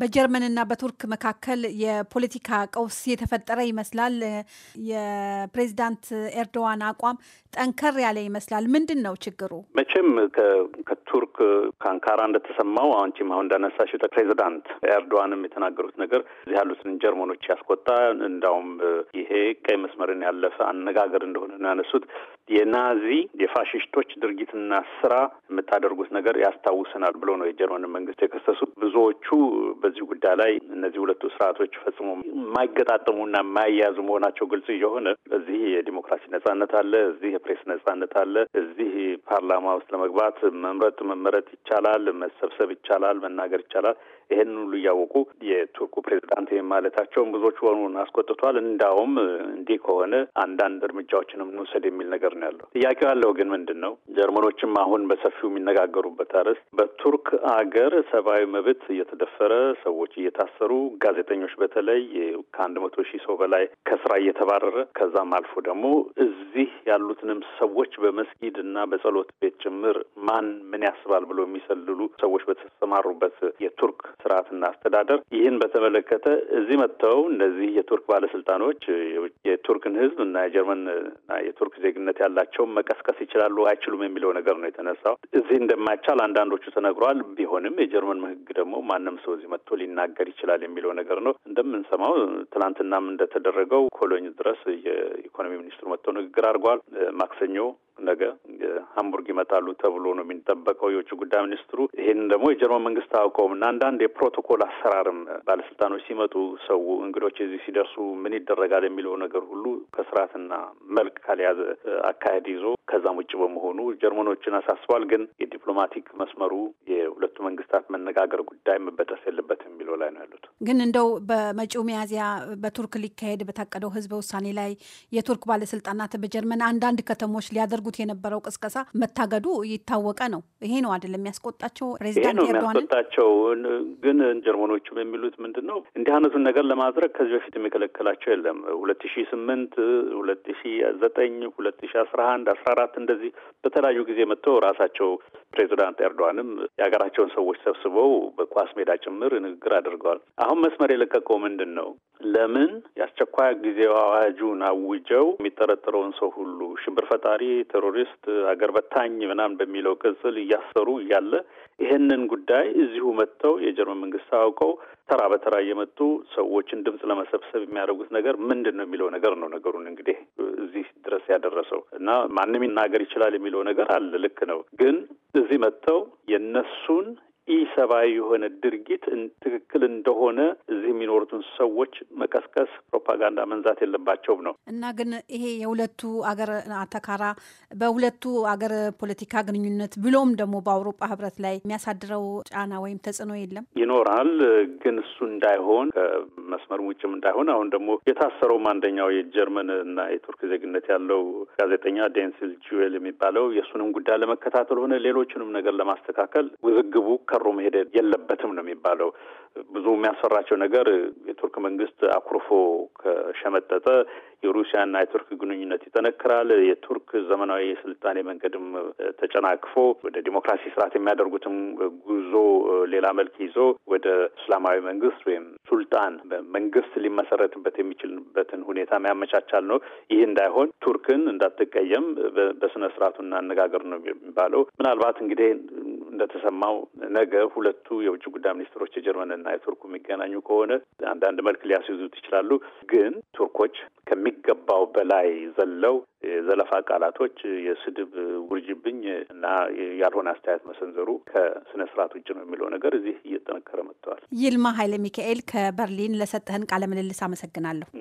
በጀርመንና በቱርክ መካከል የፖለቲካ ቀውስ የተፈጠረ ይመስላል። የፕሬዚዳንት ኤርዶዋን አቋም ጠንከር ያለ ይመስላል። ምንድን ነው ችግሩ? መቼም ከቱርክ ከአንካራ እንደተሰማው አንቺም አሁን እንዳነሳሽ ፕሬዚዳንት ኤርዶዋንም የተናገሩት ነገር እዚህ ያሉትን ጀርመኖች ያስቆጣ እንዳውም ይሄ ቀይ መስመርን ያለፈ አነጋገር እንደሆነ ነው ያነሱት። የናዚ የፋሽስቶች ድርጊትና ስራ የምታደርጉት ነገር ያስታውሰናል ብሎ ነው የጀርመን መንግስት የከሰሱት። ብዙዎቹ በዚህ ጉዳይ ላይ እነዚህ ሁለቱ ስርዓቶች ፈጽሞ የማይገጣጠሙና የማያያዙ መሆናቸው ግልጽ የሆነ እዚህ የዲሞክራሲ ነጻነት አለ፣ እዚህ የፕሬስ ነጻነት አለ። እዚህ ፓርላማ ውስጥ ለመግባት መምረጥ መመረጥ ይቻላል፣ መሰብሰብ ይቻላል፣ መናገር ይቻላል። ይህንን ሁሉ እያወቁ የቱርኩ ፕሬዚዳንት ማለታቸውን ብዙዎች ሆኑን አስቆጥቷል። እንዳውም እንዲህ ከሆነ አንዳንድ እርምጃዎችንም እንውሰድ የሚል ነገር ነው ያለው። ጥያቄው ያለው ግን ምንድን ነው? ጀርመኖችም አሁን በሰፊው የሚነጋገሩበት አርዕስት በቱርክ አገር ሰብአዊ መብት እየተደፈረ ሰዎች እየታሰሩ ጋዜጠኞች በተለይ ከአንድ መቶ ሺህ ሰው በላይ ከስራ እየተባረረ ከዛም አልፎ ደግሞ እዚህ ያሉትንም ሰዎች በመስጊድ እና በጸሎት ቤት ጭምር ማን ምን ያስባል ብሎ የሚሰልሉ ሰዎች በተሰማሩበት የቱርክ ስርዓትና አስተዳደር ይህን በተመለከተ እዚህ መጥተው እነዚህ የቱርክ ባለስልጣኖች የቱርክን ህዝብ እና የጀርመን እና የቱርክ ዜግነት ያላቸውን መቀስቀስ ይችላሉ አይችሉም የሚለው ነገር ነው የተነሳው። እዚህ እንደማይቻል አንዳንዶቹ ተነግሯል። ቢሆንም የጀርመን ህግ ደግሞ ማንም ሰው እዚህ መጥቶ ሊናገር ይችላል የሚለው ነገር ነው። እንደምንሰማው ትናንትናም እንደተደረገው ኮሎኝ ድረስ የኢኮኖሚ ሚኒስትሩ መጥተው ንግግር አድርጓል። ማክሰኞ ነገ ሀምቡርግ ይመጣሉ ተብሎ ነው የሚጠበቀው። የውጭ ጉዳይ ሚኒስትሩ ይህን ደግሞ የጀርመን መንግስት አውቀውም እና አንዳንድ የፕሮቶኮል አሰራርም ባለስልጣኖች ሲመጡ ሰው እንግዶች እዚህ ሲደርሱ ምን ይደረጋል የሚለው ነገር ሁሉ ከስርዓትና መልክ ካልያዘ አካሄድ ይዞ ከዛም ውጭ በመሆኑ ጀርመኖችን አሳስቧል። ግን የዲፕሎማቲክ መስመሩ የሁለቱ መንግስታት መነጋገር ጉዳይ መበጠስ የለበት የሚለው ላይ ነው ያሉት። ግን እንደው በመጪው ሚያዝያ በቱርክ ሊካሄድ በታቀደው ህዝበ ውሳኔ ላይ የቱርክ ባለስልጣናት በጀርመን አንዳንድ ከተሞች ሊያደርጉት የነበረው ቅስቀሳ መታገዱ ይታወቀ ነው። ይሄ ነው አይደለም የሚያስቆጣቸው ፕሬዚዳንት ኤርዶዋንን ግን ጀርመኖቹም የሚሉት ምንድን ነው እንዲህ አይነቱን ነገር ለማድረግ ከዚህ በፊት የሚከለከላቸው የለም። ሁለት ሺ ስምንት ሁለት ሺ ዘጠኝ ሁለት ሺ አስራ አንድ አስራ አራት አራት እንደዚህ በተለያዩ ጊዜ መጥተው ራሳቸው ፕሬዚዳንት ኤርዶዋንም የሀገራቸውን ሰዎች ሰብስበው በኳስ ሜዳ ጭምር ንግግር አድርገዋል። አሁን መስመር የለቀቀው ምንድን ነው? ለምን የአስቸኳይ ጊዜ አዋጁን አውጀው የሚጠረጠረውን ሰው ሁሉ ሽብር ፈጣሪ፣ ቴሮሪስት፣ ሀገር በታኝ ምናምን በሚለው ቅጽል እያሰሩ እያለ ይህንን ጉዳይ እዚሁ መጥተው የጀርመን መንግስት አውቀው ተራ በተራ እየመጡ ሰዎችን ድምፅ ለመሰብሰብ የሚያደርጉት ነገር ምንድን ነው የሚለው ነገር ነው። ነገሩን እንግዲህ ያደረሰው እና ማንም ይናገር ይችላል የሚለው ነገር አለ። ልክ ነው። ግን እዚህ መጥተው የነሱን ኢሰብአዊ የሆነ ድርጊት ትክክል እንደሆነ እዚህ የሚኖሩትን ሰዎች መቀስቀስ፣ ፕሮፓጋንዳ መንዛት የለባቸውም ነው እና ግን ይሄ የሁለቱ አገር አተካራ በሁለቱ አገር ፖለቲካ ግንኙነት ብሎም ደግሞ በአውሮፓ ህብረት ላይ የሚያሳድረው ጫና ወይም ተጽዕኖ የለም ይኖራል። ግን እሱ እንዳይሆን ከመስመር ውጭም እንዳይሆን አሁን ደግሞ የታሰረውም አንደኛው የጀርመን እና የቱርክ ዜግነት ያለው ጋዜጠኛ ዴንሲል ጁዌል የሚባለው የእሱንም ጉዳይ ለመከታተል ሆነ ሌሎችንም ነገር ለማስተካከል ውዝግቡ ከሩም መሄድ የለበትም ነው የሚባለው። ብዙ የሚያስፈራቸው ነገር የቱርክ መንግስት አኩርፎ ከሸመጠጠ የሩሲያና የቱርክ ግንኙነት ይጠነክራል። የቱርክ ዘመናዊ የስልጣኔ መንገድም ተጨናቅፎ ወደ ዲሞክራሲ ስርዓት የሚያደርጉትም ጉዞ ሌላ መልክ ይዞ ወደ እስላማዊ መንግስት ወይም ሱልጣን መንግስት ሊመሰረትበት የሚችልበትን ሁኔታ ያመቻቻል ነው። ይህ እንዳይሆን ቱርክን እንዳትቀየም በስነ ስርዓቱ እናነጋገር ነው የሚባለው። ምናልባት እንግዲህ እንደተሰማው ነገ ሁለቱ የውጭ ጉዳይ ሚኒስትሮች የጀርመንና የቱርኩ የሚገናኙ ከሆነ አንዳንድ መልክ ሊያስይዙት ይችላሉ። ግን ቱርኮች ከሚገባው በላይ ዘለው የዘለፋ ቃላቶች፣ የስድብ ውርጅብኝ እና ያልሆነ አስተያየት መሰንዘሩ ከስነ ስርዓት ውጭ ነው የሚለው ነገር እዚህ እየጠነከረ መጥተዋል። ይልማ ኃይለ ሚካኤል ከበርሊን ለሰጠህን ቃለ ምልልስ አመሰግናለሁ።